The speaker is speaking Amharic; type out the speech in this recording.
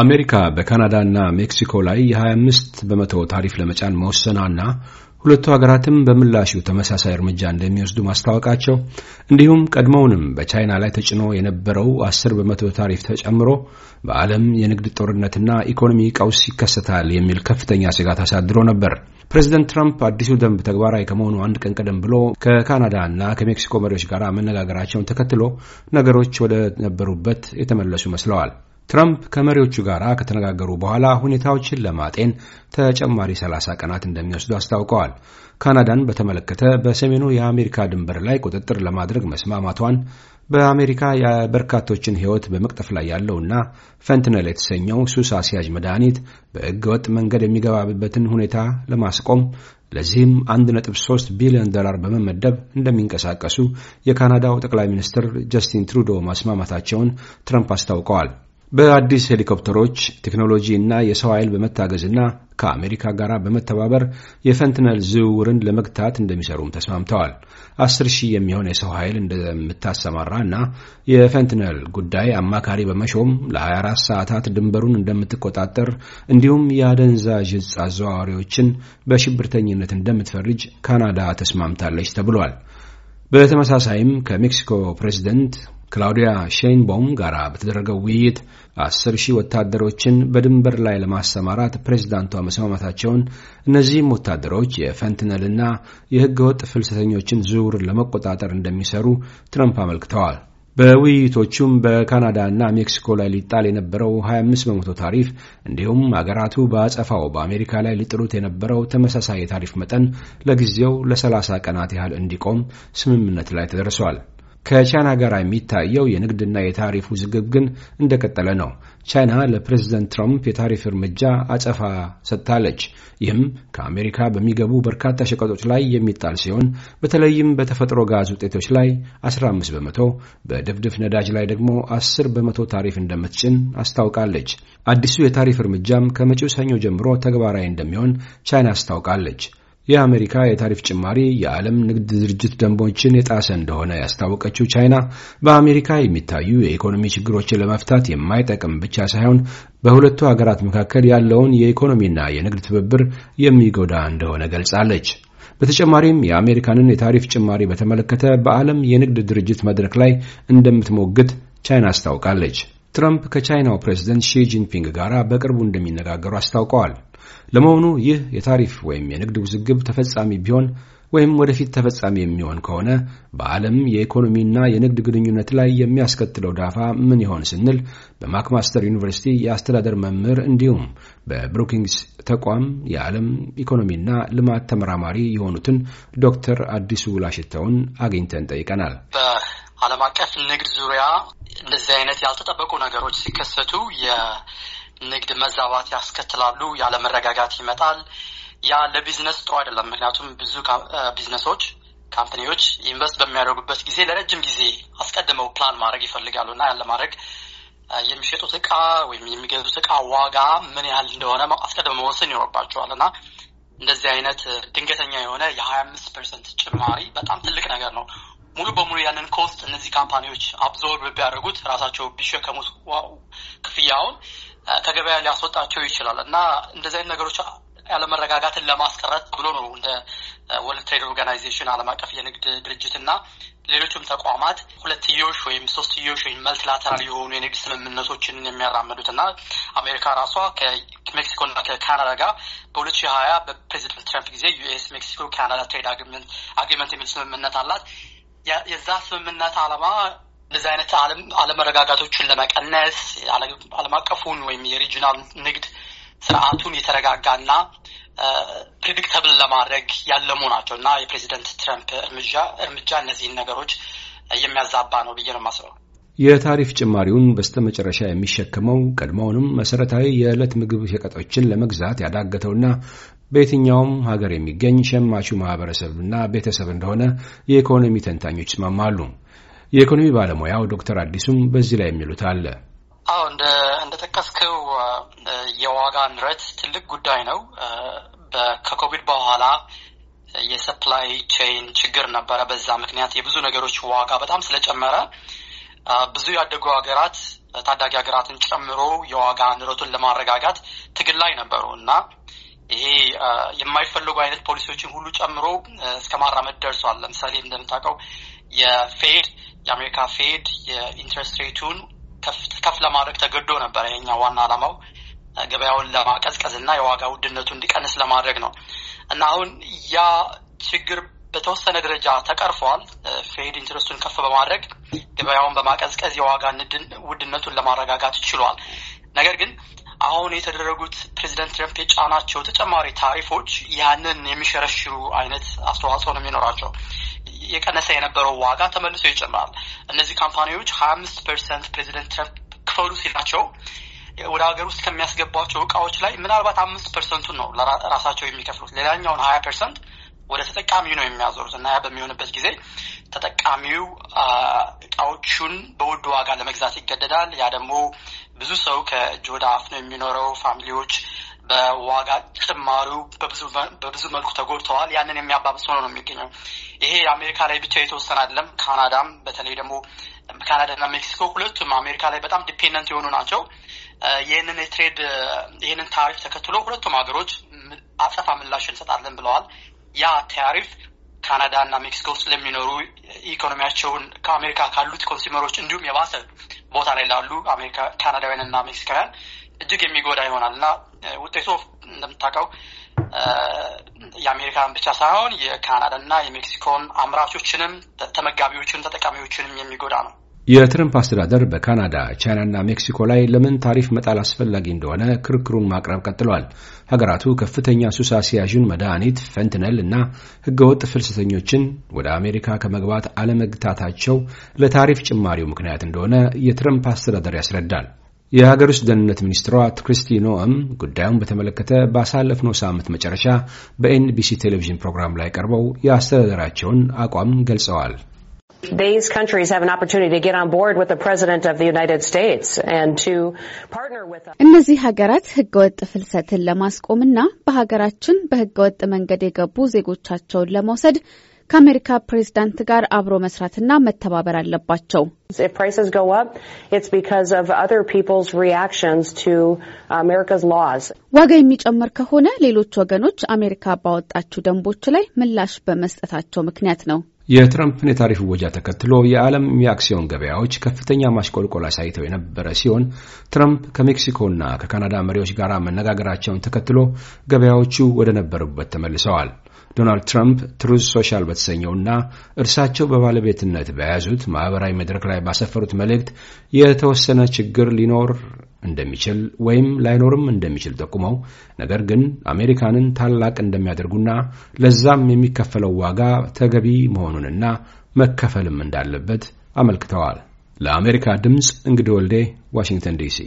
አሜሪካ በካናዳ ሜክሲኮ ላይ የ25 በመቶ ታሪፍ ለመጫን መወሰኗና ሁለቱ ሀገራትም በምላሹ ተመሳሳይ እርምጃ እንደሚወስዱ ማስታወቃቸው እንዲሁም ቀድሞውንም በቻይና ላይ ተጭኖ የነበረው አስር በመቶ ታሪፍ ተጨምሮ በዓለም የንግድ ጦርነትና ኢኮኖሚ ቀውስ ይከሰታል የሚል ከፍተኛ ስጋት አሳድሮ ነበር። ፕሬዚደንት ትራምፕ አዲሱ ደንብ ተግባራዊ ከመሆኑ አንድ ቀን ቀደም ብሎ ከካናዳ እና ከሜክሲኮ መሪዎች ጋር መነጋገራቸውን ተከትሎ ነገሮች ወደ ነበሩበት የተመለሱ መስለዋል። ትራምፕ ከመሪዎቹ ጋር ከተነጋገሩ በኋላ ሁኔታዎችን ለማጤን ተጨማሪ 30 ቀናት እንደሚወስዱ አስታውቀዋል። ካናዳን በተመለከተ በሰሜኑ የአሜሪካ ድንበር ላይ ቁጥጥር ለማድረግ መስማማቷን፣ በአሜሪካ የበርካቶችን ሕይወት በመቅጠፍ ላይ ያለውና ፈንትነል የተሰኘው ሱስ አስያዥ መድኃኒት ወጥ መንገድ የሚገባበትን ሁኔታ ለማስቆም ለዚህም 1.3 ቢሊዮን ዶላር በመመደብ እንደሚንቀሳቀሱ የካናዳው ጠቅላይ ሚኒስትር ጀስቲን ትሩዶ መስማማታቸውን ትራምፕ አስታውቀዋል። በአዲስ ሄሊኮፕተሮች ቴክኖሎጂ እና የሰው ኃይል በመታገዝና ከአሜሪካ ጋር በመተባበር የፈንትነል ዝውውርን ለመግታት እንደሚሰሩም ተስማምተዋል። አስር ሺህ የሚሆን የሰው ኃይል እንደምታሰማራ እና የፈንትነል ጉዳይ አማካሪ በመሾም ለ24 ሰዓታት ድንበሩን እንደምትቆጣጠር እንዲሁም የአደንዛዥ እጽ አዘዋዋሪዎችን በሽብርተኝነት እንደምትፈርጅ ካናዳ ተስማምታለች ተብሏል። በተመሳሳይም ከሜክሲኮ ፕሬዚደንት ክላውዲያ ሼንቦም ጋር በተደረገው ውይይት አስር ሺህ ወታደሮችን በድንበር ላይ ለማሰማራት ፕሬዚዳንቷ መስማማታቸውን እነዚህም ወታደሮች የፈንትነልና የህገወጥ ፍልሰተኞችን ዝውውር ለመቆጣጠር እንደሚሰሩ ትረምፕ አመልክተዋል። በውይይቶቹም እና ሜክሲኮ ላይ ሊጣል የነበረው 25 በመቶ ታሪፍ እንዲሁም አገራቱ በአጸፋው በአሜሪካ ላይ ሊጥሉት የነበረው ተመሳሳይ የታሪፍ መጠን ለጊዜው ለ30 ቀናት ያህል እንዲቆም ስምምነት ላይ ተደርሷል። ከቻይና ጋር የሚታየው የንግድና የታሪፍ ውዝግብ ግን እንደቀጠለ ነው። ቻይና ለፕሬዝደንት ትራምፕ የታሪፍ እርምጃ አጸፋ ሰጥታለች። ይህም ከአሜሪካ በሚገቡ በርካታ ሸቀጦች ላይ የሚጣል ሲሆን በተለይም በተፈጥሮ ጋዝ ውጤቶች ላይ 15 በመቶ፣ በድፍድፍ ነዳጅ ላይ ደግሞ 10 በመቶ ታሪፍ እንደምትጭን አስታውቃለች። አዲሱ የታሪፍ እርምጃም ከመጪው ሰኞ ጀምሮ ተግባራዊ እንደሚሆን ቻይና አስታውቃለች። የአሜሪካ የታሪፍ ጭማሪ የዓለም ንግድ ድርጅት ደንቦችን የጣሰ እንደሆነ ያስታወቀችው ቻይና በአሜሪካ የሚታዩ የኢኮኖሚ ችግሮችን ለመፍታት የማይጠቅም ብቻ ሳይሆን በሁለቱ ሀገራት መካከል ያለውን የኢኮኖሚና የንግድ ትብብር የሚጎዳ እንደሆነ ገልጻለች። በተጨማሪም የአሜሪካንን የታሪፍ ጭማሪ በተመለከተ በዓለም የንግድ ድርጅት መድረክ ላይ እንደምትሞግት ቻይና አስታውቃለች። ትራምፕ ከቻይናው ፕሬዝደንት ሺጂንፒንግ ጋር በቅርቡ እንደሚነጋገሩ አስታውቀዋል። ለመሆኑ ይህ የታሪፍ ወይም የንግድ ውዝግብ ተፈጻሚ ቢሆን ወይም ወደፊት ተፈጻሚ የሚሆን ከሆነ በዓለም የኢኮኖሚና የንግድ ግንኙነት ላይ የሚያስከትለው ዳፋ ምን ይሆን ስንል በማክማስተር ዩኒቨርሲቲ የአስተዳደር መምህር እንዲሁም በብሩኪንግስ ተቋም የዓለም ኢኮኖሚና ልማት ተመራማሪ የሆኑትን ዶክተር አዲሱ ላሽተውን አግኝተን ጠይቀናል። ዓለም አቀፍ ንግድ ዙሪያ እንደዚህ አይነት ያልተጠበቁ ነገሮች ሲከሰቱ የንግድ መዛባት ያስከትላሉ፣ ያለመረጋጋት ይመጣል። ያ ለቢዝነስ ጥሩ አይደለም። ምክንያቱም ብዙ ቢዝነሶች ካምፕኒዎች ኢንቨስት በሚያደርጉበት ጊዜ ለረጅም ጊዜ አስቀድመው ፕላን ማድረግ ይፈልጋሉ እና ያን ለማድረግ የሚሸጡት እቃ ወይም የሚገዙት እቃ ዋጋ ምን ያህል እንደሆነ አስቀድመው መወሰን ይኖርባቸዋል እና እንደዚህ አይነት ድንገተኛ የሆነ የሀያ አምስት ፐርሰንት ጭማሪ በጣም ትልቅ ነገር ነው። ሙሉ በሙሉ ያንን ኮስት እነዚህ ካምፓኒዎች አብዞርብ ቢያደርጉት ራሳቸው ቢሸከሙት ክፍያውን ከገበያ ሊያስወጣቸው ይችላል እና እንደዚህ አይነት ነገሮች ያለመረጋጋትን ለማስቀረት ብሎ ነው እንደ ወርልድ ትሬድ ኦርጋናይዜሽን ዓለም አቀፍ የንግድ ድርጅት እና ሌሎችም ተቋማት ሁለትዮሽ ወይም ሶስትዮሽ ወይም መልቲላተራል የሆኑ የንግድ ስምምነቶችን የሚያራምዱት እና አሜሪካ ራሷ ከሜክሲኮ እና ከካናዳ ጋር በሁለት ሺህ ሀያ በፕሬዚደንት ትራምፕ ጊዜ ዩኤስ ሜክሲኮ ካናዳ ትሬድ አግሪመንት የሚል ስምምነት አላት። የዛ ስምምነት ዓላማ እንደዚህ አይነት አለመረጋጋቶችን ለመቀነስ አለም አቀፉን ወይም የሪጂናል ንግድ ስርዓቱን የተረጋጋና ፕሪዲክተብል ለማድረግ ያለሙ ናቸው እና የፕሬዚደንት ትረምፕ እርምጃ እርምጃ እነዚህን ነገሮች የሚያዛባ ነው ብዬ ነው ማስበው። የታሪፍ ጭማሪውን በስተመጨረሻ የሚሸከመው ቀድሞውንም መሰረታዊ የዕለት ምግብ ሸቀጦችን ለመግዛት ያዳገተውና በየትኛውም ሀገር የሚገኝ ሸማቹ ማህበረሰብና ቤተሰብ እንደሆነ የኢኮኖሚ ተንታኞች ይስማማሉ። የኢኮኖሚ ባለሙያው ዶክተር አዲሱም በዚህ ላይ የሚሉት አለ። አዎ እንደጠቀስከው የዋጋ ንረት ትልቅ ጉዳይ ነው። ከኮቪድ በኋላ የሰፕላይ ቼን ችግር ነበረ። በዛ ምክንያት የብዙ ነገሮች ዋጋ በጣም ስለጨመረ ብዙ ያደጉ ሀገራት ታዳጊ ሀገራትን ጨምሮ የዋጋ ንረቱን ለማረጋጋት ትግል ላይ ነበሩ እና ይሄ የማይፈልጉ አይነት ፖሊሲዎችን ሁሉ ጨምሮ እስከ ማራመድ ደርሷል። ለምሳሌ እንደምታውቀው የፌድ የአሜሪካ ፌድ የኢንትረስት ሬቱን ከፍ ለማድረግ ተገዶ ነበር። የኛ ዋና ዓላማው ገበያውን ለማቀዝቀዝ እና የዋጋ ውድነቱ እንዲቀንስ ለማድረግ ነው እና አሁን ያ ችግር በተወሰነ ደረጃ ተቀርፏል። ፌድ ኢንትረስቱን ከፍ በማድረግ ገበያውን በማቀዝቀዝ የዋጋ ውድነቱን ለማረጋጋት ችሏል። ነገር ግን አሁን የተደረጉት ፕሬዚደንት ትረምፕ የጫናቸው ተጨማሪ ታሪፎች ያንን የሚሸረሽሩ አይነት አስተዋጽኦ ነው የሚኖራቸው። የቀነሰ የነበረው ዋጋ ተመልሶ ይጨምራል። እነዚህ ካምፓኒዎች ሀያ አምስት ፐርሰንት ፕሬዚደንት ትረምፕ ክፈሉ ሲላቸው ወደ ሀገር ውስጥ ከሚያስገቧቸው እቃዎች ላይ ምናልባት አምስት ፐርሰንቱን ነው ራሳቸው የሚከፍሉት። ሌላኛውን ሀያ ፐርሰንት ወደ ተጠቃሚው ነው የሚያዞሩት እና ያ በሚሆንበት ጊዜ ተጠቃሚው እቃዎቹን በውድ ዋጋ ለመግዛት ይገደዳል። ያ ደግሞ ብዙ ሰው ከጆዳ ወደ ነው የሚኖረው። ፋሚሊዎች በዋጋ ጭማሪው በብዙ መልኩ ተጎድተዋል። ያንን የሚያባብስ ሆኖ ነው የሚገኘው። ይሄ አሜሪካ ላይ ብቻ የተወሰነ አይደለም። ካናዳም በተለይ ደግሞ ካናዳና ሜክሲኮ ሁለቱም አሜሪካ ላይ በጣም ዲፔንደንት የሆኑ ናቸው። ይህንን የትሬድ ይህንን ታሪፍ ተከትሎ ሁለቱም ሀገሮች አጸፋ ምላሽ እንሰጣለን ብለዋል። ያ ታሪፍ ካናዳ እና ሜክሲኮ ውስጥ ለሚኖሩ ኢኮኖሚያቸውን ከአሜሪካ ካሉት ኮንሱመሮች እንዲሁም የባሰ ቦታ ላይ ላሉ ካናዳውያን እና ሜክሲካውያን እጅግ የሚጎዳ ይሆናል እና ውጤቱ እንደምታውቀው የአሜሪካን ብቻ ሳይሆን የካናዳ እና የሜክሲኮን አምራቾችንም ተመጋቢዎችን ተጠቃሚዎችንም የሚጎዳ ነው። የትረምፕ አስተዳደር በካናዳ ቻይናና ሜክሲኮ ላይ ለምን ታሪፍ መጣል አስፈላጊ እንደሆነ ክርክሩን ማቅረብ ቀጥሏል። ሀገራቱ ከፍተኛ ሱስ አስያዥን መድኃኒት ፈንትነል እና ህገወጥ ፍልሰተኞችን ወደ አሜሪካ ከመግባት አለመግታታቸው ለታሪፍ ጭማሪው ምክንያት እንደሆነ የትረምፕ አስተዳደር ያስረዳል። የሀገር ውስጥ ደህንነት ሚኒስትሯ ክሪስቲ ኖእም ጉዳዩን በተመለከተ ባሳለፍነው ሳምንት መጨረሻ በኤንቢሲ ቴሌቪዥን ፕሮግራም ላይ ቀርበው የአስተዳደራቸውን አቋም ገልጸዋል። these countries have an opportunity to get on board with the president of the United States and to partner with us. እነዚህ ሀገራት ህገወጥ ፍልሰትን ለማስቆምና በሀገራችን በህገወጥ መንገድ የገቡ ዜጎቻቸውን ለመውሰድ ከአሜሪካ ፕሬዝዳንት ጋር አብሮ መስራትና መተባበር አለባቸው። ዋጋ የሚጨምር ከሆነ ሌሎች ወገኖች አሜሪካ ባወጣችው ደንቦች ላይ ምላሽ በመስጠታቸው ምክንያት ነው። የትረምፕን የታሪፍ ወጃ ተከትሎ የዓለም የአክሲዮን ገበያዎች ከፍተኛ ማሽቆልቆል አሳይተው የነበረ ሲሆን ትራምፕ ከሜክሲኮና ከካናዳ መሪዎች ጋር መነጋገራቸውን ተከትሎ ገበያዎቹ ወደ ነበሩበት ተመልሰዋል። ዶናልድ ትራምፕ ትሩዝ ሶሻል በተሰኘውና እርሳቸው በባለቤትነት በያዙት ማኅበራዊ መድረክ ላይ ባሰፈሩት መልእክት የተወሰነ ችግር ሊኖር እንደሚችል ወይም ላይኖርም እንደሚችል ጠቁመው ነገር ግን አሜሪካንን ታላቅ እንደሚያደርጉና ለዛም የሚከፈለው ዋጋ ተገቢ መሆኑንና መከፈልም እንዳለበት አመልክተዋል። ለአሜሪካ ድምፅ እንግዲህ ወልዴ ዋሽንግተን ዲሲ